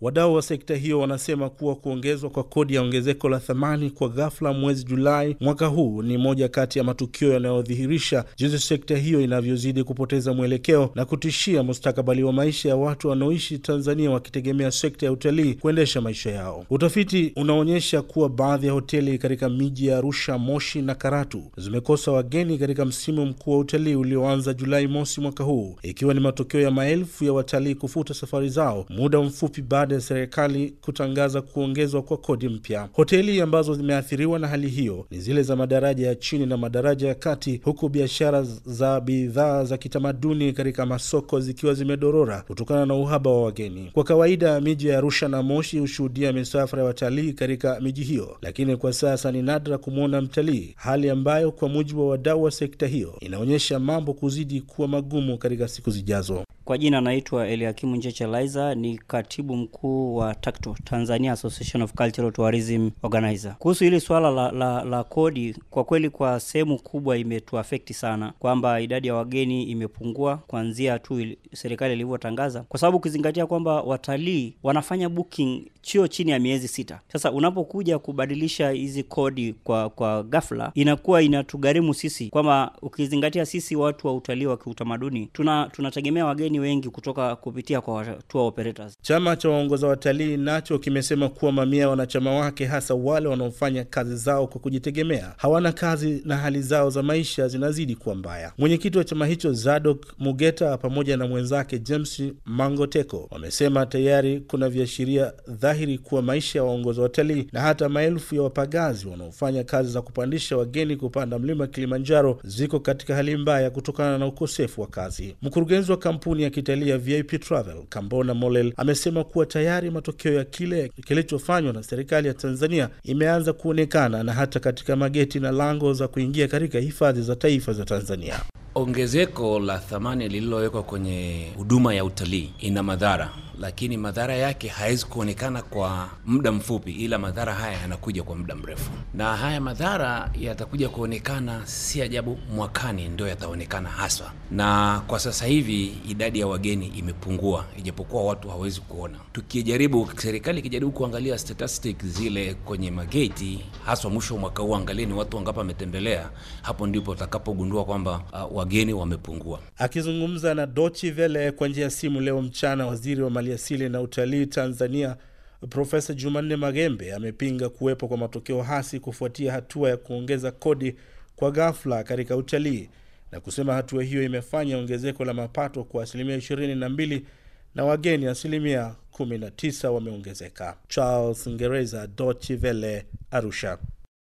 Wadau wa sekta hiyo wanasema kuwa kuongezwa kwa kodi ya ongezeko la thamani kwa ghafla mwezi Julai mwaka huu ni moja kati ya matukio yanayodhihirisha jinsi sekta hiyo inavyozidi kupoteza mwelekeo na kutishia mustakabali wa maisha ya watu wanaoishi Tanzania wakitegemea sekta ya utalii kuendesha maisha yao. Utafiti unaonyesha kuwa baadhi ya hoteli katika miji ya Arusha, Moshi na Karatu zimekosa wageni katika msimu mkuu wa utalii ulioanza Julai mosi mwaka huu, ikiwa ni matokeo ya maelfu ya watalii kufuta safari zao muda mfupi baada baada ya serikali kutangaza kuongezwa kwa kodi mpya. Hoteli ambazo zimeathiriwa na hali hiyo ni zile za madaraja ya chini na madaraja ya kati, huku biashara za bidhaa za kitamaduni katika masoko zikiwa zimedorora kutokana na uhaba wa wageni. Kwa kawaida miji ya Arusha na Moshi hushuhudia misafara ya watalii katika miji hiyo, lakini kwa sasa ni nadra kumwona mtalii, hali ambayo kwa mujibu wa wadau wa sekta hiyo inaonyesha mambo kuzidi kuwa magumu katika siku zijazo. Kwa jina anaitwa Eliakimu Njeche Laiza, ni katibu mkuu wa TACTO, Tanzania Association of Cultural Tourism Organizer. Kuhusu hili swala la, la, la kodi, kwa kweli kwa sehemu kubwa imetuafekti sana, kwamba idadi ya wageni imepungua kuanzia tu serikali ilivyotangaza, kwa sababu ukizingatia kwamba watalii wanafanya booking chio chini ya miezi sita. Sasa unapokuja kubadilisha hizi kodi kwa kwa gafla inakuwa inatugharimu sisi, kwamba ukizingatia sisi watu wa utalii wa kiutamaduni tuna tunategemea wageni wengi kutoka kupitia kwa tour operators. Chama cha waongoza watalii nacho kimesema kuwa mamia wanachama wake, hasa wale wanaofanya kazi zao kwa kujitegemea, hawana kazi na hali zao za maisha zinazidi kuwa mbaya. Mwenyekiti wa chama hicho Zadok Mugeta pamoja na mwenzake James Mangoteko wamesema tayari kuna viashiria dhahiri kuwa maisha ya wa watalii na hata maelfu ya wapagazi wanaofanya kazi za kupandisha wageni kupanda mlima Kilimanjaro ziko katika hali mbaya kutokana na ukosefu wa kazi. Mkurugenzi wa kampuni ya kitalii ya VIP Travel Kambona Molel amesema kuwa tayari matokeo ya kile kilichofanywa na serikali ya Tanzania imeanza kuonekana na hata katika mageti na lango za kuingia katika hifadhi za taifa za Tanzania. Ongezeko la thamani lililowekwa kwenye huduma ya utalii ina madhara lakini madhara yake hawezi kuonekana kwa muda mfupi, ila madhara haya yanakuja kwa muda mrefu, na haya madhara yatakuja kuonekana, si ajabu mwakani ndio yataonekana haswa. Na kwa sasa hivi idadi ya wageni imepungua, ijapokuwa watu hawezi kuona. Tukijaribu, serikali ikijaribu kuangalia zile kwenye mageti, haswa mwisho wa mwaka huu, angalie ni watu wangapi wametembelea, hapo ndipo utakapogundua kwamba uh, wageni wamepungua. Akizungumza na Dochi Vele kwa njia ya simu leo mchana, waziri wa maliasili na utalii Tanzania Profesa Jumanne Magembe amepinga kuwepo kwa matokeo hasi kufuatia hatua ya kuongeza kodi kwa ghafla katika utalii na kusema hatua hiyo imefanya ongezeko la mapato kwa asilimia 22 na wageni asilimia 19 wameongezeka. Charles Ngereza, Dochivele, Arusha.